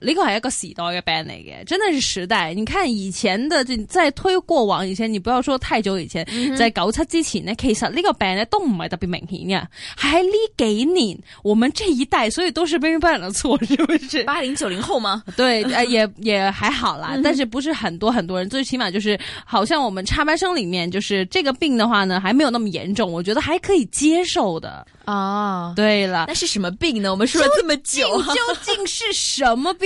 呢個係一個時代嘅病嚟嘅，真係是時代。你看以前的，即係推過往以前，你不要說太久以前，mm hmm. 在九七之前呢，其實呢個病呢都唔係特別明顯嘅，係呢幾年，我們這一代所以都是被人犯了錯，是不是？八零九零後嗎？對，呃、也也還好啦，但是不是很多很多人，最、mm hmm. 起碼就是，好像我們插班生裏面，就是這個病的話呢，還沒有那麼嚴重，我覺得還可以接受的。啊、oh, 了，對啦，那是什麼病呢？我們說了這麼久，啊究，究竟是什麼病？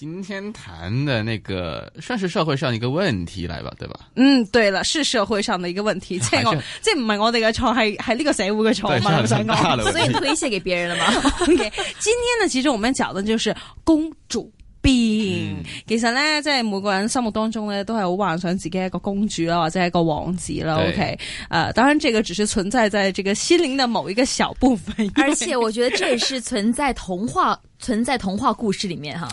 今天談的那個算是社會上一個問題來吧，對吧？嗯，對了，是社會上的一個問題。是這個這唔係我哋嘅錯，係係呢個社會嘅錯嘛？上上所以推卸給別人了嘛。 OK，今天呢，其實我們講的就是公主病。嗯、其實呢，在每個人心目當中呢，都係好幻想自己一個公主啦，或者一個王子啦。對 OK，呃，當然這個只是存在在這個心靈的某一個小部分，而且我覺得這也是存在童話、 存在童話故事裏面哈。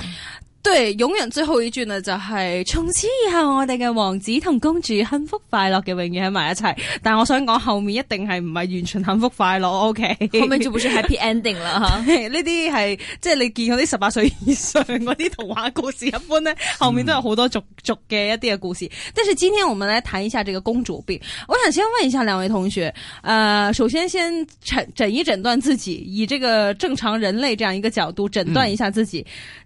對，永遠最後一句呢就係、是、從此以後，我哋嘅王子同公主幸福快樂嘅永遠喺埋一齊。但係我想講後面一定係唔係完全幸福快樂，O K。Okay、後面就唔算 happy ending 啦。吓， 呢啲係即係你見嗰啲十八歲以上嗰啲童話故事一般呢，後面都有好多俗俗嘅一啲嘅故事。嗯、但是今天我們來談一下這個公主病。我想先問一下兩位同學，誒、呃，首先先診診一診斷自己，以這個正常人類這樣一個角度診斷一下自己。嗯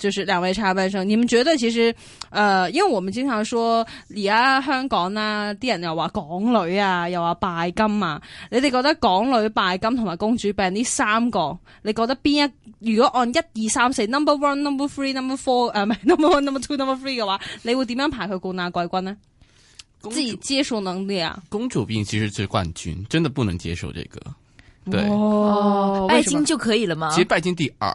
就是兩位插班生，你們覺得其實，呃，因為我們經常說而家香港啦，啲人又話港女啊，又話拜金啊，你哋覺得港女拜金同埋公主病呢三個，你覺得邊一？如果按一二三四，number one，number three，number four，誒唔係 number one，number two，number three 嘅話，你會點樣排佢冠亞季軍呢？自己主接受能力啊！公主病其實最冠軍，真的不能接受這個。對、哦、拜金就可以了嗎？其實拜金第二。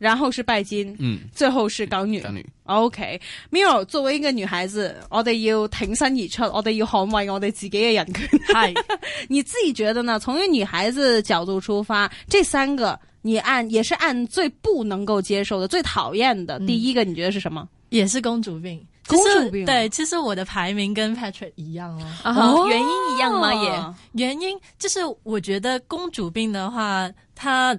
然後是拜金，嗯，最後是港女，港女，OK、okay. Miro 作為一個女孩子，嗯、我哋要挺身而出，嗯、我哋要捍衛我哋自己嘅人格。嗨 ，Hi. 你自己覺得呢？從一個女孩子角度出發，這三個你按也是按最不能夠接受的、最討厭的、嗯、第一個，你覺得是什麼？也是公主病，公主病、啊。對，其實我的排名跟 Patrick 一樣哦。Uh、huh, 哦，原因一樣嗎？也、yeah. 原因就是我覺得公主病的話，它。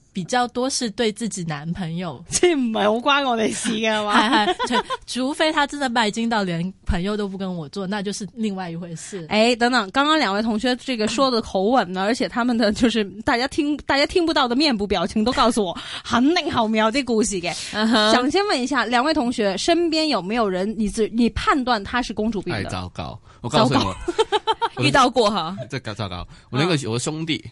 比較多是對自己男朋友，這唔係好關我哋事嘅嘛 除非他真的拜金到連朋友都不跟我做，那就是另外一回事。哎，等等，剛剛兩位同學這個說的口吻呢？而且他們的就是大家聽大家聽不到的面部表情都告訴我，肯定好妙啲故事嘅。Uh huh. 想先問一下兩位同學，身邊有沒有人？你自你判斷他是公主病？太、哎、糟糕！我告訴你，遇到過哈？真搞、啊、糟糕！我那個我的兄弟。Uh huh.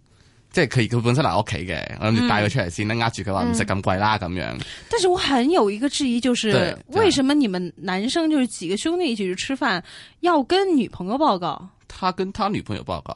即係佢佢本身嚟我屋企嘅，我諗住帶佢出嚟先啦，呃住佢話唔食咁貴啦咁、嗯、樣。但是我很有一個質疑，就是對為什麼你們男生就是幾個兄弟一起去吃飯，對要跟女朋友報告？他跟他女朋友報告。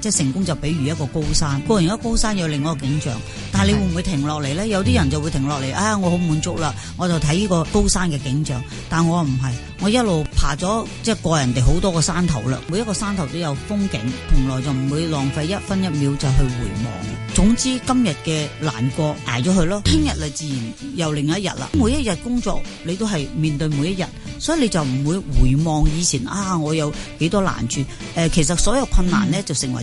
即係成功就比如一個高山，過完一個高山有另外一個景象，但係你會唔會停落嚟咧？有啲人就會停落嚟，啊、哎，我好滿足啦，我就睇呢個高山嘅景象。但我唔係，我一路爬咗即係過人哋好多個山頭啦，每一個山頭都有風景，從來就唔會浪費一分一秒就去回望。總之今日嘅難過挨咗去咯，聽日就自然又另一日啦。每一日工作你都係面對每一日，所以你就唔會回望以前啊，我有幾多難處誒、呃、其實所有困難咧、嗯、就成為。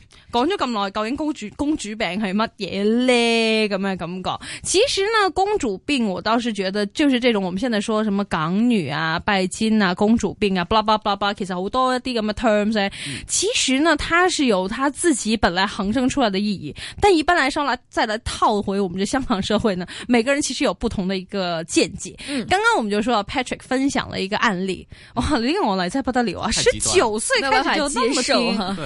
講咗咁耐，究竟公主公主病係乜嘢呢？咁樣感覺，其實呢公主病，我倒是覺得就是這種，我們現在說什麼港女啊、拜金啊、公主病啊，不啦不啦不啦不，其實好多一啲咁嘅 terms、嗯。其實呢，它是有它自己本來衍生出來的意義。但一般來說呢再來套回我們嘅香港社會呢，每個人其實有不同的一個見解。嗯、剛剛我們就說，Patrick 分享了一個案例，哇，呢個我嚟真係不得了啊！十九歲開始就那麼精。對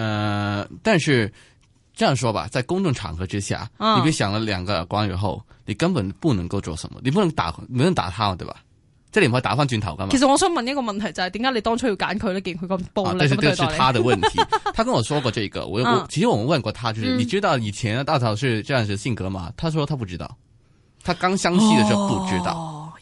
呃，但是這樣說吧，在公眾場合之下，嗯、你別想了兩個耳光後，你根本不能夠做什麼，你不能打，你不能打他，對吧？這裏不可打翻轉頭幹嘛？其實我想問一個問題，就是點解你當初要揀佢呢？見佢咁暴力、啊、但是這是他的問題。 他跟我說過這個，我，我其實我們問過他，就是、嗯、你知道以前的大嫂是這樣子的性格嗎？他說他不知道，他剛相識的時候不知道。哦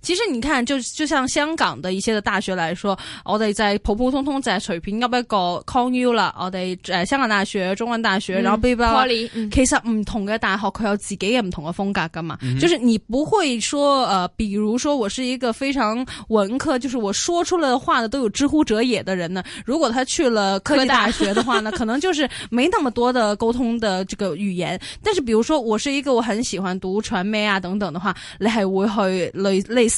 其實你看，就就像香港的一些的大學來說，我得在普普通通在水平，要不要搞 Call you 了？我得在香港大學、中文大學，嗯、然後噼啪、嗯。其實唔同嘅大學佢有自己嘅唔同嘅風格噶嘛。嗯、哼就是你不會說，呃，比如說我是一個非常文科，就是我說出來的話呢都有之乎者也的人呢。如果他去了科技大學的話呢，科大 可能就是沒那麼多的溝通的這個語言。但是比如說我是一個我很喜歡讀傳媒啊等等的話，你還會去類類似。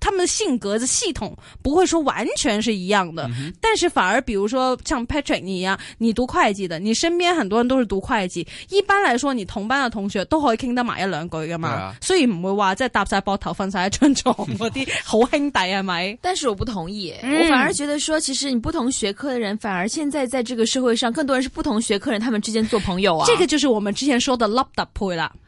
他們的性格的系統不會說完全是一樣的，嗯、哼但是反而比如說像 Patrick 你一樣，你讀會計的，你身邊很多人都是讀會計，一般來說你同班的同學都可以傾得埋一兩句噶嘛。啊、所以唔會話再搭晒膊頭瞓晒一張床嗰啲好兄弟啊咪？但是我不同意，我反而覺得說，其實你不同學科的人，反而現在在這個社會上，更多人是不同學科人他們之間做朋友啊。這個就是我們之前說的 love 搭配啦。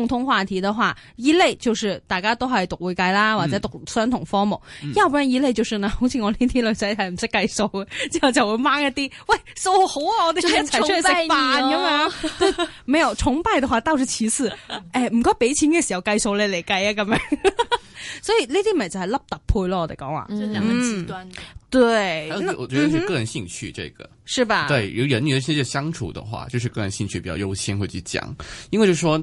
共同話題的話，一類就是大家都係讀會計啦，或者讀相同科目；嗯、要不然一類就算啦，好似我呢啲女仔係唔識計數嘅，之後就會掹一啲。喂，數好啊，我哋一齊出去食飯咁樣。 沒有崇拜的話，倒是其次。誒、欸，唔該俾錢嘅時候計數你嚟計啊咁樣。 所以呢啲咪就係凹特配咯。我哋講話就兩個極端。嗯、對，我覺得係個人興趣，這個是吧？對，由人與人之間相處的話，就是個人興趣比較優先會去講，因為就說。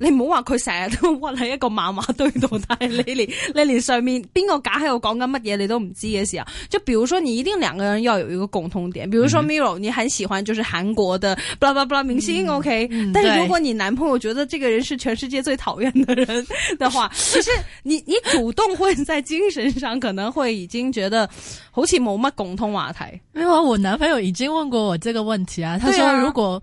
你唔好話佢成日都屈喺一個麻麻堆度，但係 你連你連上面邊個假喺度講緊乜嘢你都唔知嘅時候，就比如說，你一定兩個人要有一個共同點，比如說 Mirror、嗯、你很喜歡就是韓國的 blah blah blah 明星，OK。但是如果你男朋友覺得這個人是全世界最討厭的人的話，其實、嗯、是你你主動會在精神上可能會已經覺得好似冇乜共同話題。沒有，我男朋友已經問過我這個問題啊，他說如果。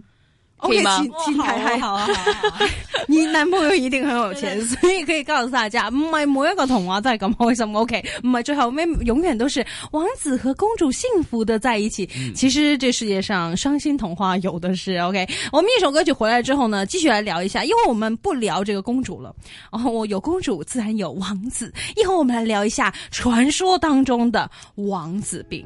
O K，前好係，你男朋友一定很有錢， 對對，所以可以告訴大家唔係每一個童話都係咁開心。O K，唔係最後，我們永遠都是王子和公主幸福的在一起。其實，這世界上傷心童話有的是。O K，我們一首歌曲回來之後呢，繼續來聊一下，因為我們不聊這個公主了。哦，我有公主，自然有王子。以後我們來聊一下傳說當中的王子病。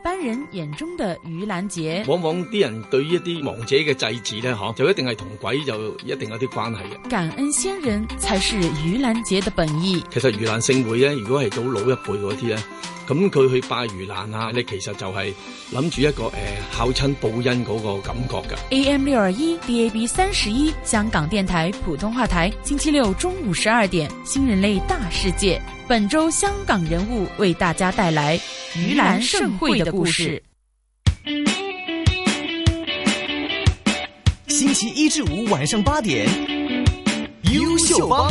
一般人眼中的盂蘭節，往往啲人對於一啲亡者嘅祭祀咧，嗬、啊，就一定係同鬼就一定有啲關係嘅。感恩先人才是盂蘭節嘅本意。其實盂蘭勝會咧，如果係到老一輩嗰啲咧。咁佢去拜盂蘭啊，你其實就係諗住一個誒、呃、孝親報恩嗰個感覺噶。AM 六二一，DAB 三十一，香港電台普通話台，星期六中午十二點，新人類大世界，本周香港人物為大家帶來盂蘭盛會的故事。星期一至五晚上八點，優秀吧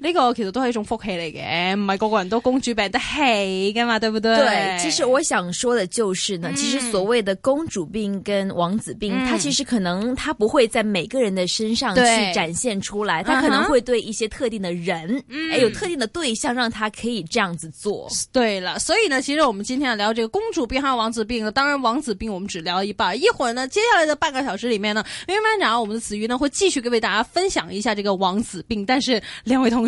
呢個其實都係一種福氣嚟嘅，唔係個個人都公主病得起噶嘛，對不對？對，其實我想說的就是呢，嗯、其實所謂的公主病跟王子病，嗯、它其實可能它不會在每個人的身上去展現出來，對它可能會對一些特定的人，嗯欸、有特定的對象，讓他可以這樣子做。對啦，所以呢，其實我們今天要聊這個公主病還有王子病，當然王子病我們只聊一半，一會兒呢，接下來的半個小時裏面呢，因為班長我們的子瑜呢會繼續為大家分享一下這個王子病，但是兩位同。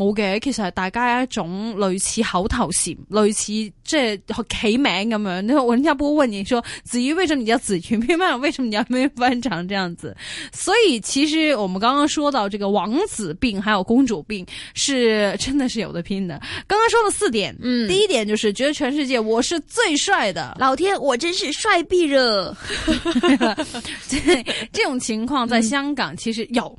冇嘅，其實係大家一種類似口頭禪，類似即係起名咁樣。人家不會問你說子怡為什麼你叫子群變唔變，為什麼你又變翻成這樣子？所以其實我們剛剛說到這個王子病，還有公主病，是真的是有得拼的。剛剛說了四點，嗯，第一點就是覺得全世界我是最帥的，老天，我真是帥斃了！ 這種情況在香港其實有。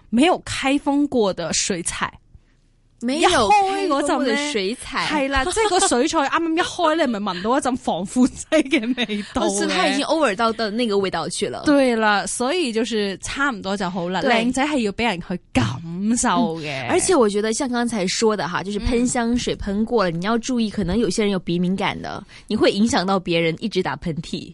沒有開封過的水彩，沒有開嗰陣的水彩，係啦，即係 個水彩啱啱 一開咧，你咪聞到一陣防腐劑嘅味道咧， 是它已經 over 到到那個味道去了。對啦，所以就是差唔多就好啦。靚對仔係要俾人去感受嘅、嗯，而且我覺得像剛才說的哈，就是噴香水噴過了，嗯、你要注意，可能有些人有鼻敏感的，你會影響到別人一直打噴嚏。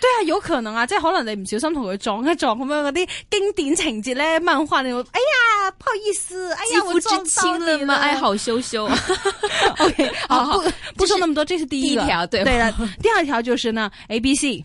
對啊，有可能啊，即係可能你唔小心同佢撞一撞咁樣嗰啲經典情節咧，漫畫你會，哎呀，不好意思，哎呀，我撞到你啦，哎，好羞羞。OK，好，好。就是，不說那麼多，這是第一條，對吧，對啦。第二條就是呢，A、B、C。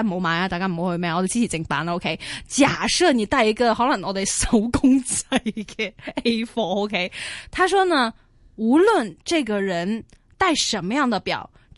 冇買啊！大家唔好去咩、啊，我哋支持正版啦、啊。OK，假設你帶一個可能我哋手工製嘅 A 貨，OK，他說呢，無論這個人帶什麼樣的錶。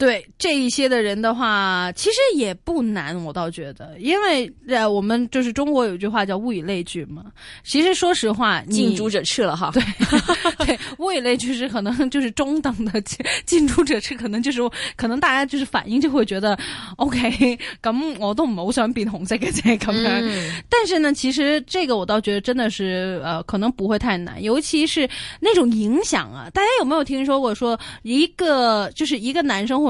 對這一些的人的話，其實也不難，我倒覺得，因為呃，我們就是中國有句話叫物以類聚嘛。其實說實話，近朱者赤了哈。對 對，物以類聚是可能就是中等的，近近朱者赤可能就是可能大家就是反應就會覺得，OK，咁我都唔係好想變紅色嘅啫咁樣。 嗯、 但是呢，其實這個我倒覺得真的是呃，可能不會太難，尤其是那種影響啊，大家有沒有聽說過說一個就是一個男生或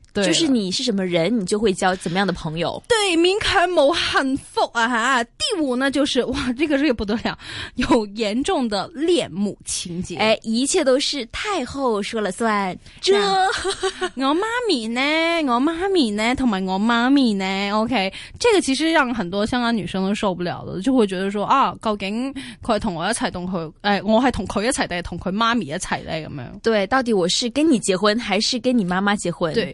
對就是你是什麼人，你就會交怎麼樣的朋友。對，明強某很婦啊！第五呢，就是哇，這個、這個不得了，有嚴重的戀母情節。 哎，一切都是太后說了算。這 我媽咪呢？我媽咪呢？同埋我媽咪呢？OK，這個其實讓很多香港女生都受不了的，就會覺得說啊，究竟佢係同我一齊同佢，哎，我係同佢一齊定係同佢媽咪一齊咧？咁樣？對，到底我是跟你結婚，還是跟你媽媽結婚？對。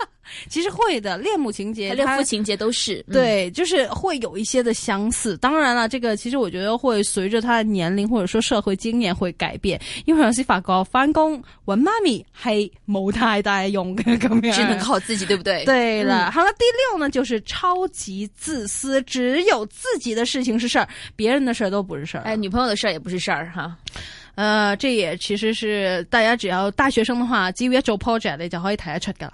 其實會的，戀母情節、戀父情節都是她對，就是會有一些的相似。嗯、當然了，這個其實我覺得會隨着他的年齡或者說社會經驗會改變。因為有些法國翻工我媽咪是冇太大用嘅咁樣，只能靠自己，對不對？對了，嗯、好了，第六呢，就是超級自私，只有自己的事情是事兒，別人的事兒都不是事兒。哎，女朋友的事兒也不是事兒哈。呃，這也其實是大家只要大學生的話，基於一做 project，你就可以睇得出嘅啦。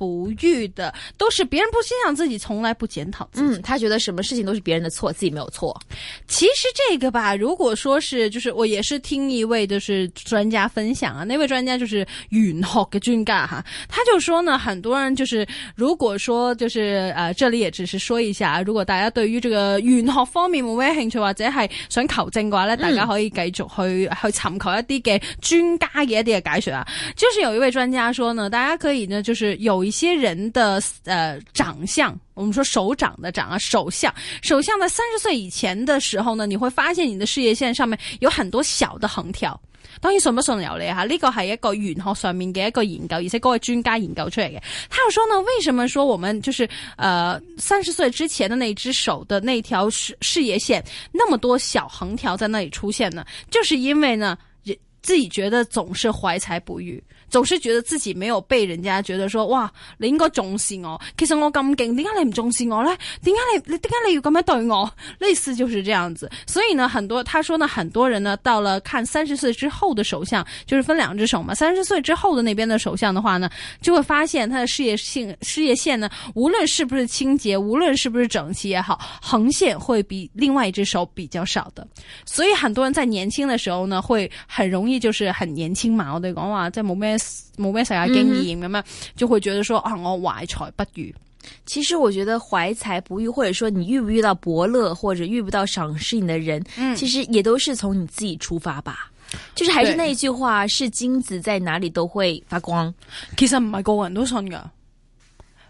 不育的都是別人不欣賞自己，從來不檢討自己。嗯，他覺得什麼事情都是別人的錯，自己沒有錯。其實這個吧，如果說是就是我也是聽一位就是專家分享啊，那位專家就是玄學的專家哈，他就說呢，很多人就是如果說就是呃，這裏也只是說一下，如果大家對於這個玄學方面冇咩興趣或者係想考證的話呢，大家可以繼續去、嗯、去尋求一啲嘅專家嘅一啲嘅解說啊。就是有一位專家說呢，大家可以呢就是有一。一些人的呃長相，我們說手掌的掌啊手相，手相在三十歲以前的時候呢，你會發現你的事業線上面有很多小的橫條。當然算不算了嘞，哈，呢個係一個玄學上面嘅一個研究，而且各位專家研究出嚟嘅。他又說呢，為什麼說我們就是呃三十歲之前的那隻手的那條事業線那麼多小橫條在那裏出現呢？就是因為呢，自己覺得總是懷才不遇。總是覺得自己沒有被人家覺得說哇，你應該重視我。其實我咁勁，點解你唔重視我咧？點解你你點解你要咁樣對我？類似就是這樣子。所以呢，很多他說呢，很多人呢，到了看三十歲之後的手相，就是分兩隻手嘛。三十歲之後的那邊的手相的話呢，就會發現他的事業線，事業線呢，無論是不是清潔，無論是不是整齊也好，橫線會比另外一隻手比較少的。所以很多人在年輕的時候呢，會很容易就是很年輕嘛，我哋講哇在某邊冇咩實際經驗咁樣，嗯、哼就會覺得說啊，我懷才不遇。其實我覺得懷才不遇，或者說你遇唔遇到伯樂，或者遇不到賞識你的人，嗯、其實也都是從你自己出發吧。就是還是那一句話，是金子在哪裏都會發光。其實唔係個個人都信噶。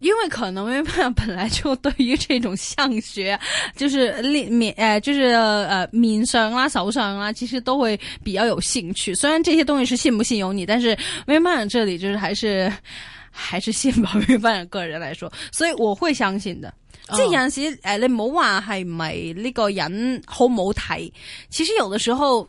因為可能 Vivian 本來就對於這種相學，就是面誒、呃，就是呃，面上啦、啊、手上啦、啊，其實都會比較有興趣。雖然這些東西是信不信由你，但是 Vivian 這裡就是還是還是信吧。Vivian 個人來說，所以我會相信的。這樣陣誒，你冇話係咪呢個人好冇睇，其實有的時候。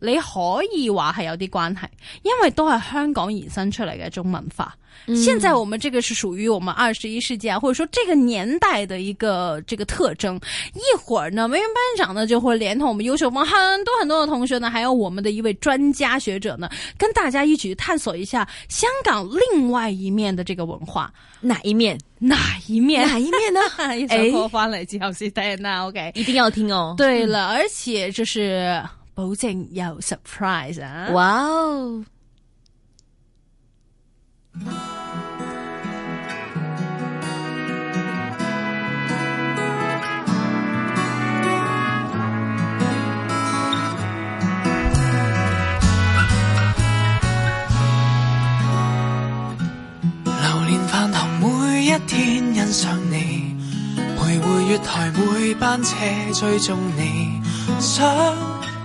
你可以話係有啲關係，因為都係香港衍生出嚟嘅一種文化。嗯、現在我們這個是屬於我們二十一世紀啊，啊或者說這個年代的一個這個特徵。一會兒呢，文員班長呢就會連同我們優秀班很多很多的同學呢，還有我們的一位專家學者呢，跟大家一齊探索一下香港另外一面的這個文化，哪一面？哪一面？哪一面呢？A 課翻嚟之後先聽啦，OK，一定要聽哦。 哎、對了而且就是。保證有 surprise 啊！哇哦 Wow！流連飯堂每一天欣賞你，徘徊月台每班車追蹤你，想，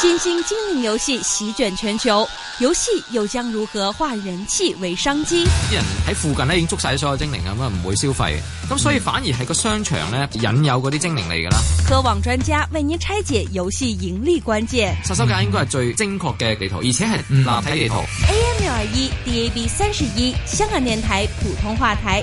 新興精靈遊戲席捲全球，遊戲又將如何化人氣為商機？啲人喺附近呢已經捉晒所有精靈啊，咁啊唔會消費，咁所以反而係個商場呢引誘嗰啲精靈嚟噶啦。科網專家為您拆解遊戲盈利關鍵。殺手鐧應該係最精確嘅地圖，而且係唔難睇地圖。AM 六二一，DAB 三十一，香港電台普通話台。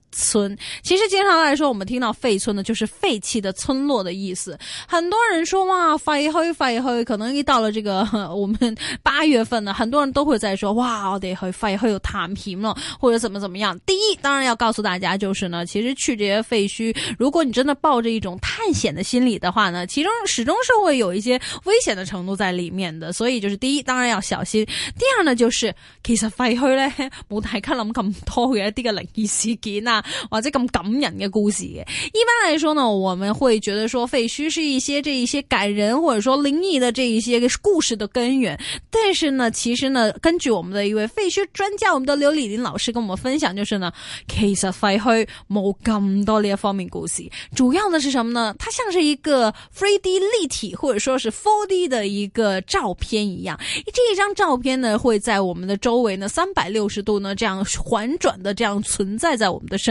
村，其實經常來說，我們聽到廢村呢，就是廢棄的村落的意思。很多人說哇，廢墟，廢墟，可能一到了這個我們八月份呢，很多人都會在說哇，我哋去廢墟又躺平了，或者怎麼怎麼樣。第一，當然要告訴大家就是呢，其實去這些廢墟，如果你真的抱着一種探險的心理的話呢，其中始終是會有一些危險的程度在裏面的。所以就是第一，當然要小心。第二呢，就是其實廢墟呢，冇大家諗咁多嘅一啲嘅靈異事件啊。哇，這咁感人嘅故事。一般來說呢，我們會覺得說廢墟是一些這一些感人或者說靈異的這一些故事的根源。但是呢，其實呢，根據我們的一位廢墟專家，我們的劉麗玲老師跟我們分享，就是呢，其實廢墟冇咁多嘅方面故事。主要的是什麼呢？它像是一個 3D 立體或者說是 4D 的一個照片一樣。這一張照片呢，會在我們的周圍呢，三百六十度呢，這樣環轉的這樣存在在我們的身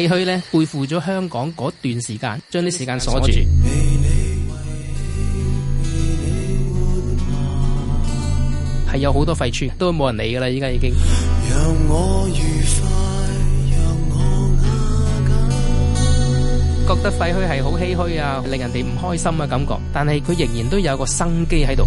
廢墟咧，背負咗香港嗰段時間，將啲時間鎖住，係有好多廢墟，都冇人理噶啦，依家已經。覺得廢墟係好唏嘘啊，令人哋唔開心嘅感覺，但係佢仍然都有個生機喺度。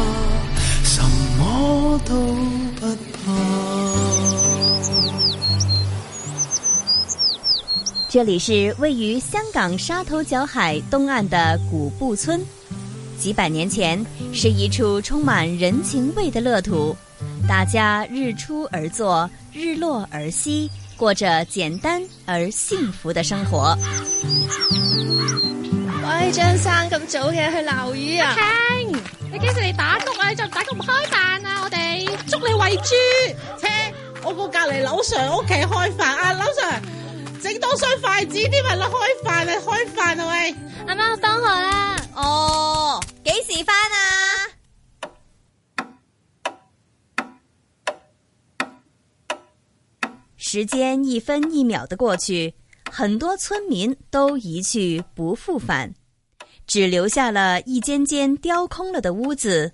都不怕。這裏是位於香港沙頭角海東岸的谷埔村，幾百年前是一處充滿人情味的樂土，大家日出而作，日落而息，過着簡單而幸福的生活。喂，張生，咁早嘅，去撈魚啊？Okay，你幾時嚟打工啊？你仲打工唔開飯啊？捉你餵豬，車我個隔籬樓上屋企開飯，啊！樓上！整多雙筷子，啲人嚟開飯、哦、啊，開飯啊喂！阿媽我翻學啦，哦，幾時翻啊？時間一分一秒的過去，很多村民都一去不復返，只留下了一間間雕空了的屋子。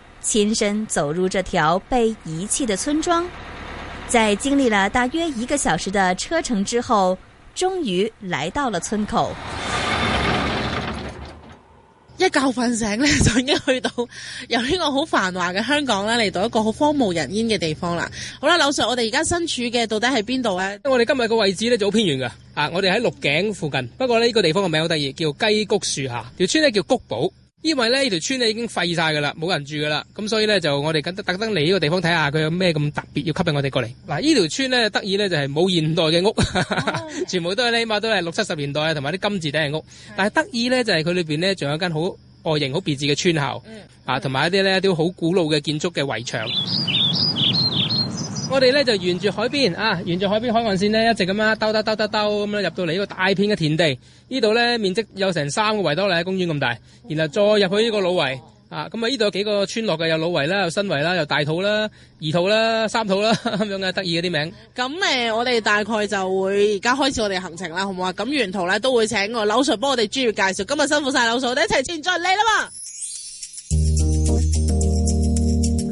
親身走入這條被遺棄的村莊，在經歷了大約一個小時的車程之後，終於來到了村口。一覺瞓醒咧，就已經去到由呢個好繁華嘅香港啦，嚟到一個好荒無人煙嘅地方啦。好啦，柳 sir，我哋而家身處嘅到底係邊度呢？我哋今日嘅位置咧就好偏遠噶，啊，我哋喺鹿頸附近。不過呢，呢個地方嘅名好得意，叫雞谷樹下，條村咧叫谷埔。因為呢條村咧已經廢曬㗎啦，冇人住㗎啦，咁所以呢，就我哋特登嚟呢個地方睇下佢有咩咁特別要吸引我哋過嚟。嗱，呢條村呢，得意呢就係、是、冇現代嘅屋，哈哈 Oh, yeah. 全部都係起碼都係六七十年代啊，同埋啲金字頂嘅屋。Yeah. 但係得意呢，就係佢裏面呢，仲有間好外形好別致嘅村校，Yeah. 啊，同埋一啲呢，一啲好古老嘅建築嘅圍牆。我哋咧就沿住海邊啊，沿住海邊海岸線咧，一直咁樣兜兜兜兜兜咁樣入到嚟呢個大片嘅田地。呢度咧面積有成三個維多利亞公園咁大，然後再入去呢個老圍啊，咁啊呢度有幾個村落嘅，有老圍啦，有新圍啦，有大肚啦、二肚啦、三肚啦咁樣嘅得意啲名。咁誒、呃，我哋大概就會而家開始我哋行程啦，好唔好啊？咁沿途咧都會請我柳 Sir 幫我哋專業介紹。今日辛苦晒柳 Sir，我哋一齊前再嚟啦嘛！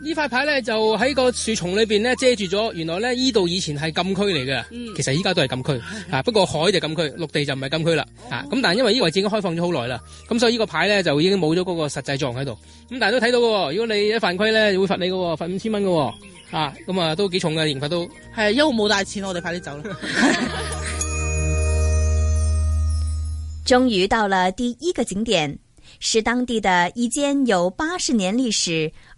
呢塊牌咧就喺個樹叢裏邊咧遮住咗。原來咧呢度以前係禁區嚟嘅，嗯、其實依家都係禁區，嗯啊、不過海就禁區，陸地就唔係禁區啦咁，哦啊、但係因為呢個位置已經開放咗好耐啦，咁，嗯，所以呢個牌咧就已經冇咗嗰個實際狀喺度。咁但係都睇到喎，哦，如果你一犯規咧會罰你嘅，哦，罰五千蚊嘅喎。咁啊，、嗯，啊都幾重嘅刑罰都係，因為我冇帶錢，我哋快啲走啦。 終於到了第一個景點，是當地的一間有八十年歷史。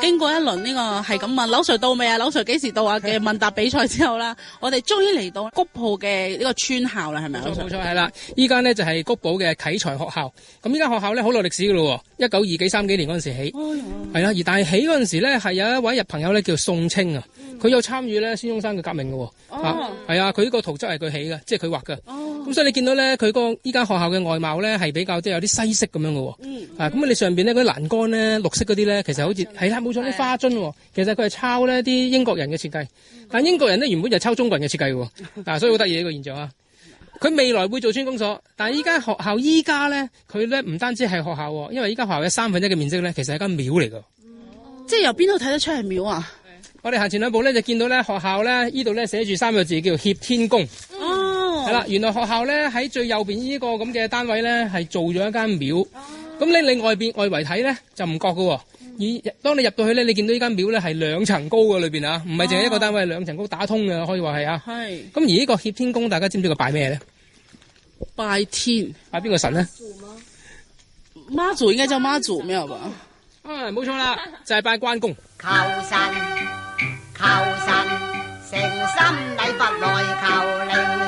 經過一輪呢個係咁問，柳 r 到未啊？柳 r 幾時到啊？嘅問答比賽之後啦，我哋終於嚟到谷埔嘅呢個村校啦，係咪冇錯，係啦。依家呢就係谷埔嘅啟才學校。咁依間學校咧好耐歷史嘅咯，一九二幾三幾年嗰陣時起。係啦，而但係起嗰陣時咧，係有一位入朋友咧叫宋清啊，佢有參與咧孫中山嘅革命嘅喎。係啊，佢呢個圖則係佢起嘅，即係佢畫嘅。哦。咁所以你見到咧，佢嗰依間學校嘅外貌咧係比較即係有啲西式咁樣嘅喎。嗯。咁你上邊咧嗰啲欄杆咧，綠色嗰啲咧，其實好似係啦。啲花樽，哦，其實佢係抄呢啲英國人嘅設計，但英國人咧原本就抄中國人嘅設計，嗱所以好得意呢個現象啊！佢未來會做村公所，但係依家學校依家咧，佢咧唔單止係學校，因為依家學校嘅三分一嘅面積咧，其實係間廟嚟噶即係由邊度睇得出係廟啊？我哋行前兩步咧，就見到咧學校咧依度咧寫住三個字叫協天宮，係啦，哦，原來學校咧喺最右邊呢個咁嘅單位咧係做咗一間廟，咁，哦，你你外邊外圍睇咧就唔覺噶、哦。以，當你入到去咧，你見到呢間廟咧係兩層高嘅裏邊啊，唔係淨係一個單位，啊、兩層高打通嘅，可以話係啊。係。咁而呢個協天宮，大家知唔知佢拜咩咧？拜天，拜邊個神咧？媽祖嗎？媽祖應該叫媽祖咩？係嘛？啊、冇錯啦，就係拜關公。求神，求神，誠心禮佛來求靈。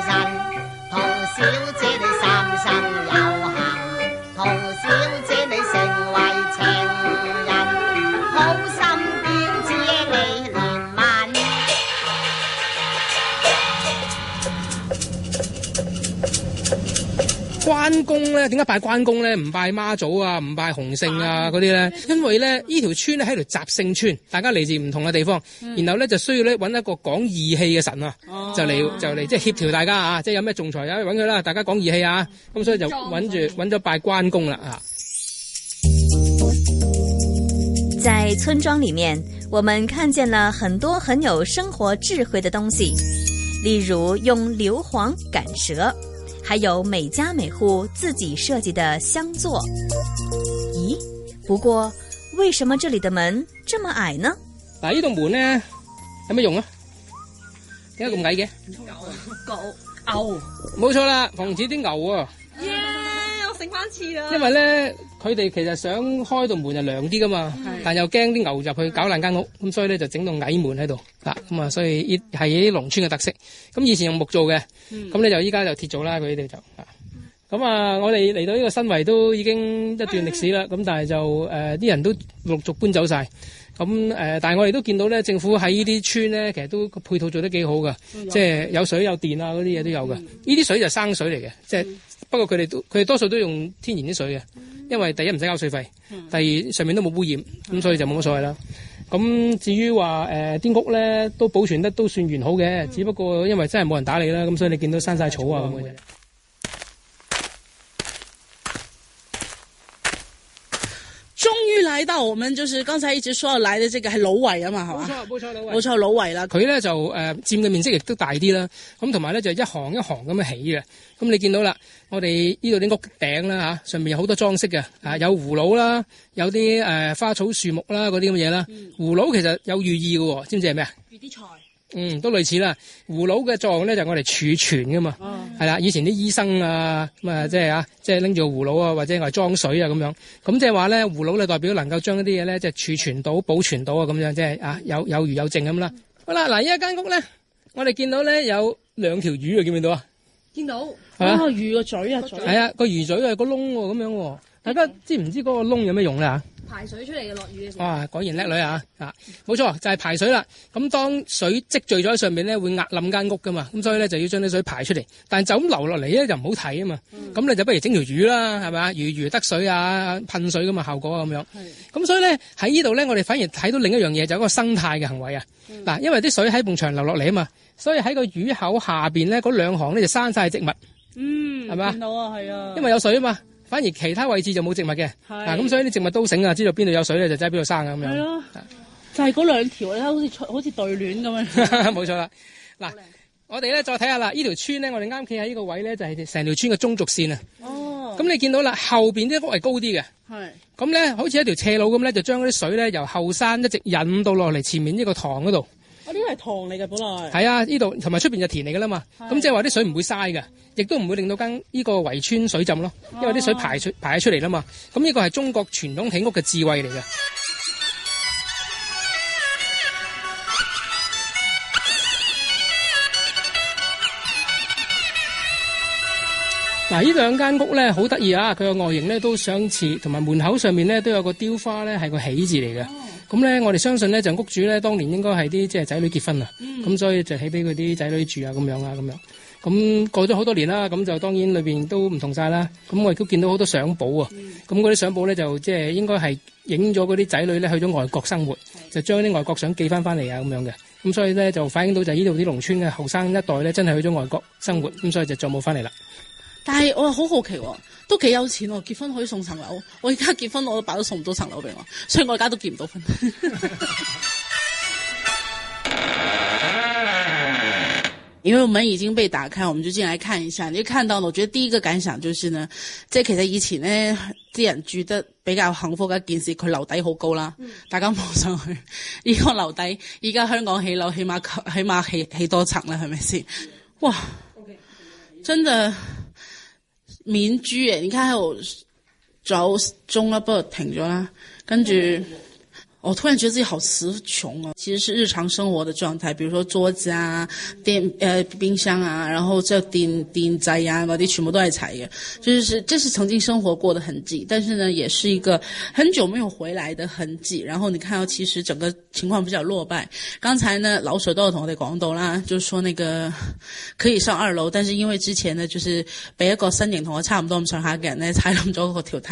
關公咧，點解拜關公咧？唔拜媽祖啊，唔拜洪聖啊嗰啲咧？因為咧，呢、嗯、條村咧喺條雜姓村，大家嚟自唔同嘅地方，嗯、然後咧就需要咧揾一個講義氣嘅神啊，哦、就嚟就嚟即係協調大家啊，即、就、係、是、有咩仲裁啊，揾佢啦，大家講義氣啊，咁、嗯嗯、所以就揾住揾咗拜關公啦，啊、在村莊裏面，我們看見了很多很有生活智慧的東西，例如用硫磺趕蛇。還有每家每戶自己設計的箱座。咦，不過為什麼這裏的門這麼矮呢？嗱，呢棟門咧有咩用啊？點解咁矮嘅？牛，牛，牛，冇錯啦，防止啲牛啊。因為咧，佢哋其實想開道門就涼啲噶嘛，但又驚啲牛入去搞爛間屋，咁所以咧就整到矮門喺度。嗱，咁啊，所以依係啲農村嘅特色。咁以前用木做嘅，咁咧就依家就鐵做啦。佢哋就啊，咁啊，我哋嚟到呢個新圍都已經一段歷史啦。咁但係就誒，啲人都陸續搬走晒。咁誒，但係我哋都見到咧，政府喺呢啲村咧，其實都配套做得幾好噶，即係有水有電啊，嗰啲嘢都有噶。呢啲水就生水嚟嘅，即係。不過佢哋都，佢哋多數都用天然啲水嘅，因為第一唔使交水費，第二上面都冇污染，咁所以就冇乜所謂啦。咁至於話誒啲屋咧，都保存得都算完好嘅。嗯、只不過因為真係冇人打理啦，咁所以你見到生晒草啊咁嘅。但係，到我們就是剛才一直說來的，這個係老圍啊嘛，係嘛錯？冇錯吧，冇錯，老圍，冇錯老圍啦。佢咧就誒，佔、呃、嘅面積亦都大啲啦。咁同埋咧就是、一行一行咁樣起嘅。咁、嗯、你見到啦，我哋呢度啲屋頂啦吓，上面有好多裝飾嘅，啊有葫蘆啦，有啲誒、呃、花草樹木啦啲咁嘢啦。嗯、葫蘆其實有寓意嘅，知唔知係咩啊？預啲財嗯，都類似啦。葫蘆嘅作用咧就係我哋儲存噶嘛，係啦、啊。以前啲醫生啊咁啊，即係啊，即係拎住個葫蘆啊，或者我哋裝水啊咁樣。咁即係話咧，葫蘆咧代表能夠將一啲嘢咧，即係儲存到、保存到啊，咁樣即係、就是、啊，有有魚有剩咁啦。嗯、好啦，嗱，依一間屋咧，我哋見到咧有兩條魚啊，見唔見到啊？見到。見到的啊，魚個嘴啊？係啊，個魚嘴係個窿咁樣。大家知唔知嗰個窿有咩用咧？排水出嚟嘅落雨啊、哦！果然叻女啊！啊， 冇錯就係、是、排水啦。咁當水積聚咗喺上面咧，會壓冧間屋噶嘛。咁所以咧就要將啲水排出嚟。但係就咁流落嚟咧，就唔好睇啊嘛。咁、嗯、你就不如整條魚啦，係咪？魚魚得水啊，噴水㗎嘛，效果咁樣。咁的所以咧喺呢度咧，我哋反而睇到另一樣嘢，就係、是、一個生態嘅行為啊。嗱、嗯，因為啲水喺埲牆流落嚟啊嘛，所以喺個魚口下邊咧，嗰兩行咧就生晒植物。嗯，係咪吧？見到啊，係啊，因為有水啊嘛。反而其他位置就冇植物嘅是的、啊，嗱咁所以啲植物都醒啊，知道邊度有水咧就喺邊度生咁樣。係咯，就係嗰兩條咧，好似好似對聯咁樣。冇錯啦，嗱、啊，我哋咧再睇下啦，呢條村咧，我哋啱企喺呢個位咧，就係成條村嘅中軸線啊。哦。咁、嗯、你見到啦，後邊啲屋係高啲嘅。係的。咁咧，好似一條斜路咁咧，就將嗰啲水咧由後山一直引到落嚟前面呢個塘嗰度。哦、寶寶啊，呢個係塘嚟嘅本來。係啊的，呢度同埋出邊就田嚟噶啦嘛。係。咁即係話啲水唔會嘥嘅。亦都唔會令到間呢個圍村水浸咯，因為啲水排出、oh. 排咗出嚟啦嘛。咁呢個係中國傳統起屋嘅智慧嚟嘅。嗱，呢兩間屋咧好得意啊！佢嘅、啊、外形咧都相似，同埋門口上面咧都有個雕花咧係個喜字嚟嘅。咁咧，我哋相信咧就屋主咧當年應該係啲即係仔女結婚啊，咁、mm. 所以就起俾佢啲仔女住啊咁樣啊咁樣。咁過咗好多年啦，咁就當然裏邊都唔同曬啦。咁我亦都見到好多相簿喎。咁嗰啲相簿咧就即係應該係影咗嗰啲仔女咧去咗外國生活，嗯、就將啲外國相寄翻翻嚟啊咁樣嘅。咁所以咧就反映到就呢度啲農村嘅後生一代咧真係去咗外國生活，咁所以就再冇翻嚟啦。但係我又好好奇喎、哦，都幾有錢喎、哦，結婚可以送層樓。我而家結婚，我爸都送唔到層樓俾我，所以我而家都結唔到婚。因為門已經被打開，我們就進來看一下。你就看到了，我覺得第一個感想就是呢，即係其實以前呢，啲人住得比較幸福嘅一件事，佢樓底好高啦。嗯、大家望上去，依、這個樓底，依家香港起樓起碼，起碼起，起碼起起多層啦，係咪先？哇！真的，免住啊！你看喺度走鐘啦，不如停咗啦，跟住。嗯我、哦、突然覺得自己好詞窮哦，其實是日常生活的狀態，比如說桌子啊、電呃冰箱啊，然後就頂釘仔呀，我哋、啊、全部都係踩嘅，就是這是曾經生活過的痕跡，但是呢，也是一個很久沒有回來的痕跡。然後你看到其實整個情況比較落敗。剛才呢，老手都有同我哋講到啦，就是說那個可以上二樓，但是因為之前呢，就是俾一個三年同我差唔多咁上下嘅人咧，踩冧咗個條梯，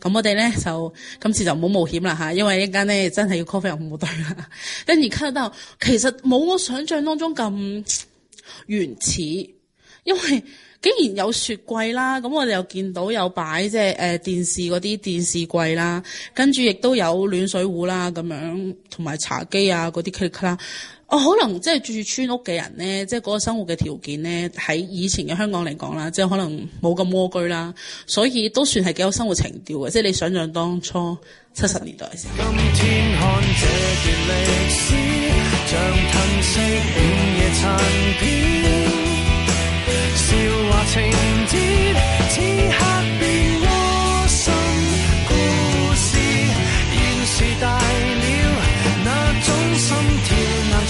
咁我哋咧，就今次就唔好冒險啦吓，因為一間真係要 coffee 又唔好對啦，跟住 cut 得，其實冇我想象當中咁原始，因為竟然有雪櫃啦，咁我哋又見到有擺即係誒電視嗰啲電視櫃啦，跟住亦都有暖水壺啦咁樣，同埋茶几啊嗰啲 click click 啦。哦，可能即係住村屋嘅人咧，即係嗰個生活嘅條件咧，喺以前嘅香港嚟講啦，即係可能冇咁蝸居啦，所以都算係幾有生活情調嘅，即係你想象當初七十年代嘅時候。今天看這段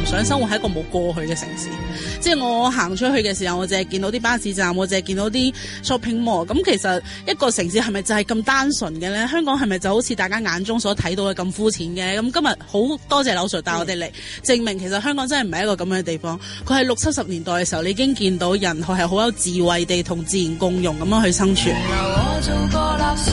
唔想生活喺一個冇過去嘅城市，即係我行出去嘅時候，我淨係見到啲巴士站，我淨係見到啲 shopping mall。咁其實一個城市係咪就係咁單純嘅呢？香港係咪就好似大家眼中所睇到嘅咁膚淺嘅？咁今日好多謝柳 Sir 帶我哋嚟，是的 證明其實香港真係唔係一個咁樣嘅地方。佢係六七十年代嘅時候，你已經見到人係係好有智慧地同自然共用咁樣去生存。由我做過垃圾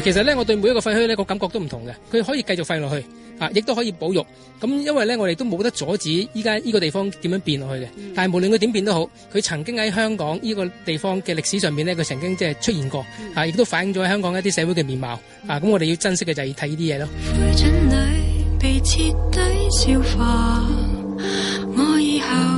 其實咧，我對每一個廢墟呢個感覺都唔同嘅，佢可以繼續廢落去，啊，亦都可以保育。咁因為咧，我哋都冇得阻止依家呢個地方點樣變落去嘅。但係無論佢點變都好，佢曾經喺香港呢個地方嘅歷史上邊咧，佢曾經即係出現過，啊，亦都反映咗喺香港一啲社會嘅面貌。啊，咁我哋要珍惜嘅就係睇呢啲嘢咯。